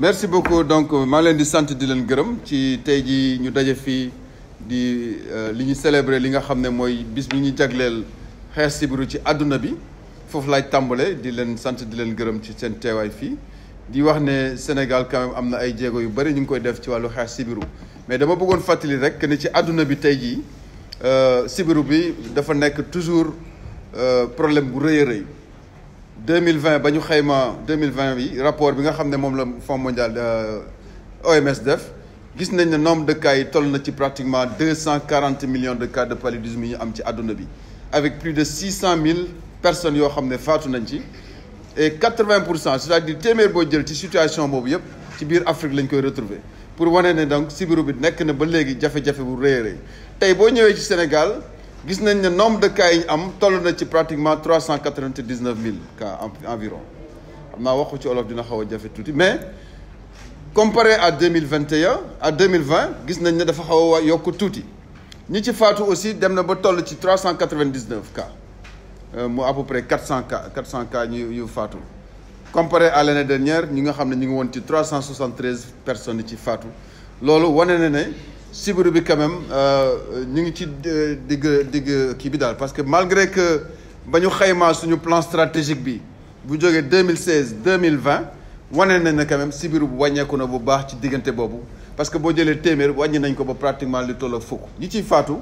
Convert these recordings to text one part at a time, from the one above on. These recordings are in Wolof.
merci beaucoup donc maa leen di sant di leen gërëm ci tey jii ñu daje fii di euh, li ñu célébrer li nga xam ne mooy bis bi ñu jagleel xeex sibiru ci àdduna bi foofu laaj tàmbale di leen sant di leen gërëm ci seen teewaay fii di wax ne Sénégal quand am na ay jéego yu bari ñu ngi koy def ci wàllu xeex sibiru mais dama bëggoon fàttali rek que ci àdduna bi tey jii euh, sibiru bi dafa nekk toujours euh, problème bu rëy a rëy 2020 ba ñu xayma 2020 bi rapport bi nga xam ne moom la Fonds mondial euh, OMS def gis nañ ne nombre de yi toll na ci pratiquement 240 millions de cas de paludisme yi ñu am ci àdduna bi avec plus de cent 000 personnes yoo xam ne faatu nañ ci et 80 pour cent c'est-à-dire téeméer boo jël ci situation boobu yëpp ci biir Afrique lañ koy retrouver pour wane ne donc sibiru bi nekk na ba léegi jafe-jafe bu rëy tey boo ñëwee ci Sénégal. gis nañ ne nombre de yi ñu am toll na ci pratiquement trois cent quatre-vingt-dix-neuf mille cas environ xam naa waxu ci olof dina xaw a jafe tuuti mais comparé à deux mille vingt deux mille vingt gis nañ ne dafa xaw a yokk tuuti ñi ci faatu aussi dem na ba toll ci trois cent quatre dix neuf cas euh, mu à peu près quatre cent cas quatre cent cas ñu yu faatu comparé à l'année dernière ñi nga xam ne ñu ngi woon ci trois cent soixante-treize personnes ci faatu loolu wane na ne. sibiru bi quand même euh, ñu ngi ci euh, digg digg kii bi daal parce que malgré que ba ñu xaymaa suñu plan stratégique bi bu jógee 2016 2020 wane nañ ne quand même sibiru bu wàññeeku na bu baax ci diggante boobu parce que boo jëlee téeméer wàññi nañ ko ba pratiquement li toll ak fukk ñi ciy faatu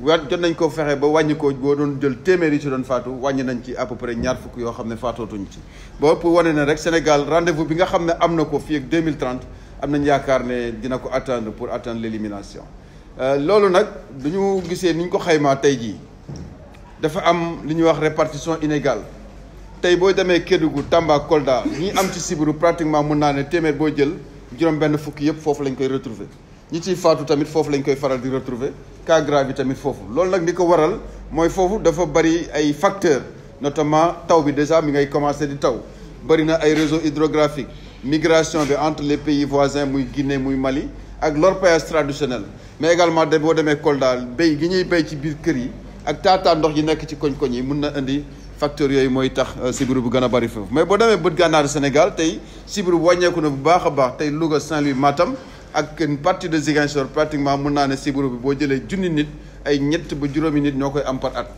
wa jot nañ ko fexe ba wàññi ko boo doon jël téeméer yi ci doon faatu wàññi nañ ci à près ñaar fukk yoo xam ne faatootuñ ci boobu pour wane ne rek Sénégal rendez bi nga xam ne am na ko fii ak 2030 am nañ yaakaar ne dina ko atteindre pour atteindre l'élimination euh, loolu nag du ñu gisee ni ko xaymaa tey jii dafa am li ñuy wax répartition inégale tey boo demee Kédougou Tamba Kolda ñi am ci sibiru pratiquement mun naa ne téeméer boo jël juróom-benn fukki yëpp foofu lañ koy retrouver ñi ciy faatu tamit foofu lañ koy faral di retrouver cas grave yi tamit foofu loolu nag li ko waral mooy foofu dafa bari ay facteurs notamment taw bi déjà mi ngay commencer di taw bari na ay réseau hydrographique migration bi entre les pays voisins muy Guinée muy Mali ak l'orpaillage traditionnel mais également de boo demee Kolda béy gi ñuy béy ci biir kër yi ak taataa ndox yi nekk ci koñ-koñ yi mun na indi facteur yooyu mooy tax euh, sibiru bu gën a bari foofu mais boo demee bët gànnaaru Sénégal tey sibiru bu wàññeeku na bu baax a baax tey Louga Saint-Louis Matam ak une partie de Ziguinchor pratiquement mun naa ne sibiru bi boo jëlee junni nit ay ñett ba juróomi nit ñoo koy am par at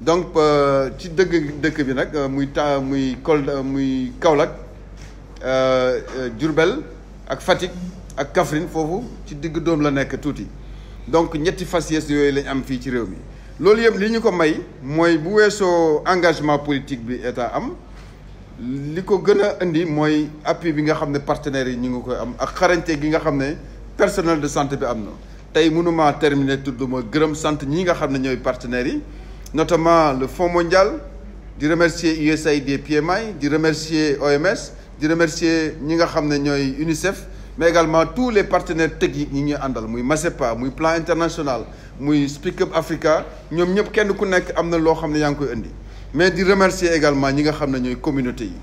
donc euh, ci dëgg dëkk bi nag euh, muy ta muy Kolda muy Kaolack jurbel euh, euh, ak Fatick ak Kaffrine foofu ci digg doom la nekk tuuti donc ñetti fas yées yooyu lañ am fii ci réew mi loolu yëpp li ñu ko may mooy bu weesoo engagement politique bi état am li ko gën a indi mooy appui bi nga xam ne partenaires yi ñu ngi koy am ak xarañte gi nga xam ne personnel de santé bi am na tey mënuma terminer tudd ma gërëm sant ñi nga xam ne ñooy partenaires yi notamment le Fonds mondial di remercier USAID PMI di remercier OMS di remercier ñi nga xam ne ñooy UNICEF mais également tous les partenaires techniques ñu ñuy àndal muy MACEPA muy Plan International muy Speak Up Africa ñoom ñëpp kenn ku nekk am na loo xam ne yaa ngi koy indi mais di remercier également ñi nga xam ne ñooy communauté yi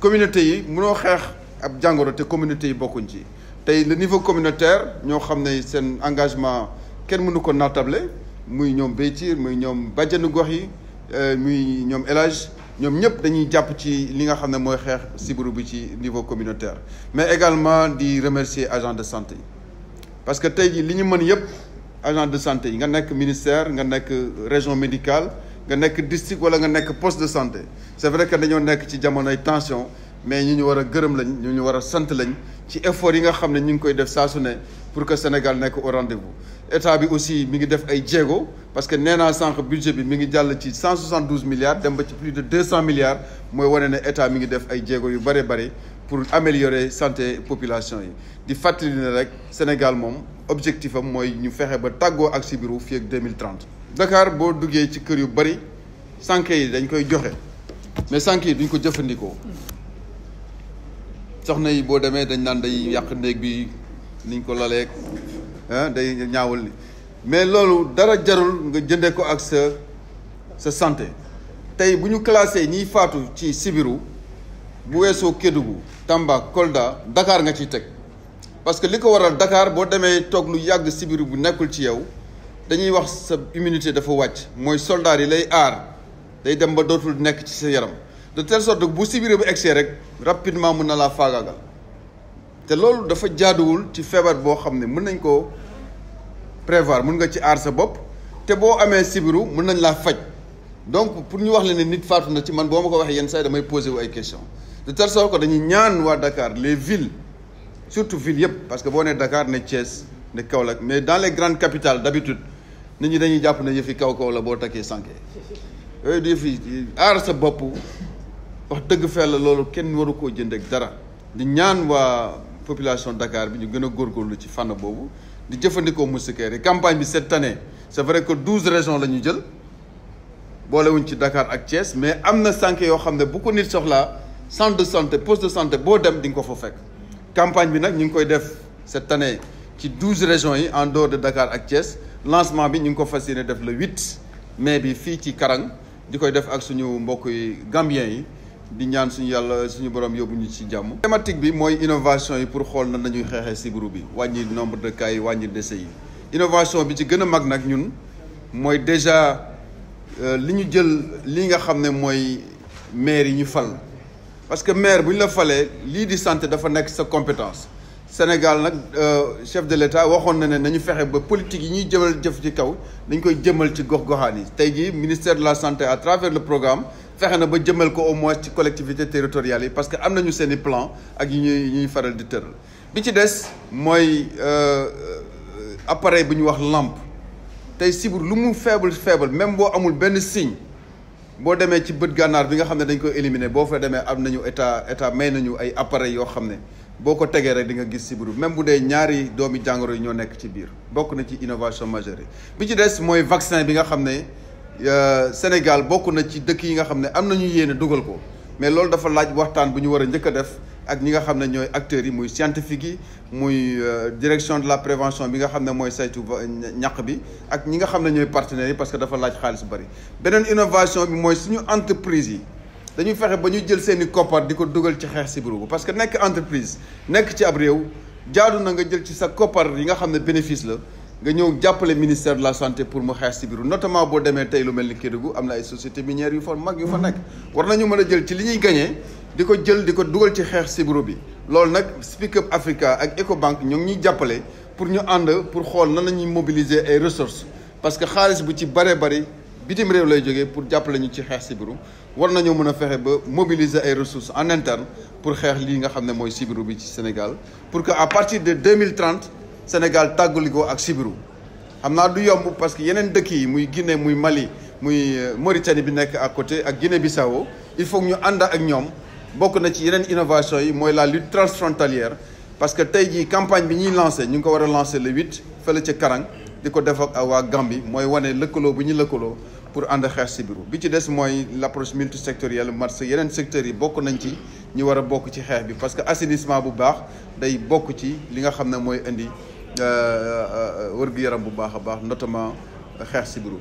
communauté yi mënoo xeex ab jàngoro te communauté yi bokkuñ ci tey le niveau communautaire ñoo xam ne seen engagement kenn mënu ko naatable muy ñoom Béytiir muy ñoom bàjjanu gox yi euh, muy ñoom élage ñoom ñëpp dañuy jàpp ci li nga xam ne mooy xeex sibiru bi ci niveau communautaire mais également di remercier agent de santé yi parce que tey li ñu mën yëpp agent de santé yi nga nekk ministère nga nekk région médical nga nekk district wala nga nekk poste de santé c'est vrai que dañoo nekk ci jamonoy tension mais ñu ñu war a gërëm lañ ñu ñu war a sant lañ ci effort yi nga xam ne ñu ngi koy def saa su ne pour que Sénégal nekk au rendez-vous état bi aussi mi ngi def ay jéego parce que nee naa sànq budget bi mi ngi jàll ci 172 milliards dem ba ci plus de 200 milliards mooy wane ne état mi ngi def ay jéego yu bare bare pour améliorer santé population yi di fàttali ne rek Sénégal moom objectif am mooy ñu fexe ba tàggoo ak sibiru fii ak 2030. Dakar boo duggee ci kër yu bari sànq yi dañ koy joxe mais sànq yi duñ ko jëfandikoo soxna yi boo demee dañ naan day yàq néeg bi. niñ ko laleeg ah, day ñaawal ni mais loolu dara jarul nga jëndee ko ak sa sa santé tey bu ñu classé ñiy faatu ci Sibiru bu weesoo gu Tamba Kolda dakaar nga ciy teg parce que li ko waral dakaar boo demee toog lu yàgg Sibiru bu nekkul ci yow dañuy wax sa immunité dafa wàcc mooy soldat yi lay aar day dem ba dootul nekk ci sa yaram de telle sorte que bu Sibiru bu egsee rek rapidement mun na laa faagaagal te loolu dafa jaaduwul ci feebar boo xam ne mën nañ koo prévoir mun nga ci aar sa bopp te boo amee sibiru mën nañ laa faj donc pour ñu wax la ne nit faatu na ci man boo ma ko waxee yenn saa yi damay posé ay question de telle sorte que dañuy ñaan waa Dakar les ville surtout ville yëpp parce que boo nee Dakar ne Thiès ne Kaolack mais dans les grandes capitales d'habitude nit ñi dañuy jàpp ne yëfi kaw kaw la boo takkee sanke yooyu du yëfi aar sa bopp wax dëgg fell loolu kenn waru koo jënd dara ñaan waa population Dakar bi ñu gën a góorgóorlu ci fànn boobu di jëfandikoo moustiquaire yi campagne bi cette année c'est vrai que douze régions la ñu jël boolewuñ ci Dakar ak Thiès mais am na sànq yoo xam ne bu ko nit soxla centre de santé poste de santé boo dem di nga ko fa fekk campagne bi nag ñu ngi koy def cette année ci douze régions yi en dehors de Dakar ak Thiès lancement bi ñu ngi ko fas yéene def le huit mai bi fii ci Karang di koy def ak suñu mbokk yi Gambien yi di ñaan suñu yàlla suñu borom yóbbu ñu ci jàmm. thématique bi mooy innovation yi pour xool na nañuy xeexee sibiru bi wàññi nombre de cas yi wàññi décès yi innovation bi ci gën a mag nag ñun mooy déjà euh, li ñu jël li nga xam ne mooy maire yi ñu fal. parce que maire bu ñu la falee lii di santé dafa nekk sa compétence Sénégal nag euh, chef de l'État waxoon na ne nañu fexe ba politique yi ñuy jëmal jëf ci kaw dañ koy jëmal ci gox goxaan yi tey jii ministère de la santé à travers le programme. fexe na ba jëmal ko au moins ci collectivité territoriales yi parce que am nañu seen i plan ak yi ñuy faral di tëral bi ci des mooy euh, appareil bu ñu wax làmp tey sibur lu mu faible feebal même boo amul benn signe boo demee ci bët gànnaar bi nga xam ne dañ koy éliminer boo fa demee am nañu état état may nañu ay appareil yoo xam ne boo ko tegee rek di nga gis sibiru même bu dee ñaari doomi jàngoro yi ñoo nekk ci biir bokk na ci innovation major yi bi ci des mooy vaccin bi nga xam ne Euh, Sénégal bokk na ci dëkk yi nga xam ne am na nañu yéene dugal ko mais loolu dafa laaj waxtaan bu ñu war a njëkk a def ak ñi nga xam ne ñooy acteurs yi muy scientifique yi muy euh, direction de la prévention bi nga xam ne mooy saytu ñàq bi ak ñi nga xam ne ñooy partenaires yi parce que dafa laaj xaalis bu bëri. beneen innovation bi mooy suñu entreprise yi dañuy fexe ba ñu jël seen i koppar di ko dugal ci xeex sibiru bu parce que nekk entreprise nekk ci ab réew jaadu na nga jël ci sa koppar yi xam ne bénéfice la. nga ñëw jàppale ministère de la santé pour mu xeex si biiru notamment boo demee tey lu mel ni gu am na ay société minière yu fa mag yu fa nekk war nañu mën a jël ci li ñuy gañee di ko jël di ko dugal ci xeex sibiru bi loolu nag Speak Up Africa ak Ecobank ñoo ngi ñuy jàppale pour ñu ànd pour xool nan la ñuy mobiliser ay ressources parce que xaalis bu ci bare bari bitim réew lay jóge pour jàppale ñu ci xeex sibiru war nañoo mën a fexe ba mobiliser ay ressources en interne pour xeex lii nga xam ne mooy sibiru bi ci Sénégal pour que à partir de 2030 Sénégal tàggalikoo ak Sibiru xam naa du yomb parce que yeneen dëkk yi muy gine muy Mali muy euh, Mauritanie bi nekk ak côté ak Guinée Bissau il faut ñu ànd ak ñoom bokk na ci yeneen innovation yi mooy la lutte transfrontalière parce que tey ji campagne bi ñuy lancé ñu ngi ko war a lancé le 8 fële ca Karang di ko def ak waa Gambie mooy wane lëkkaloo bu ñu lëkkaloo pour ànd xeex sibiru bi ci des mooy l' approche multisectorielle marché yeneen secteurs yi bokk nañ ci ñu war a ci xeex bi parce que assainissement bu baax day bokk ci li nga xam ne mooy indi Euh, euh, euh, wër gu yaram bu baax a baax notamment xeex sibiru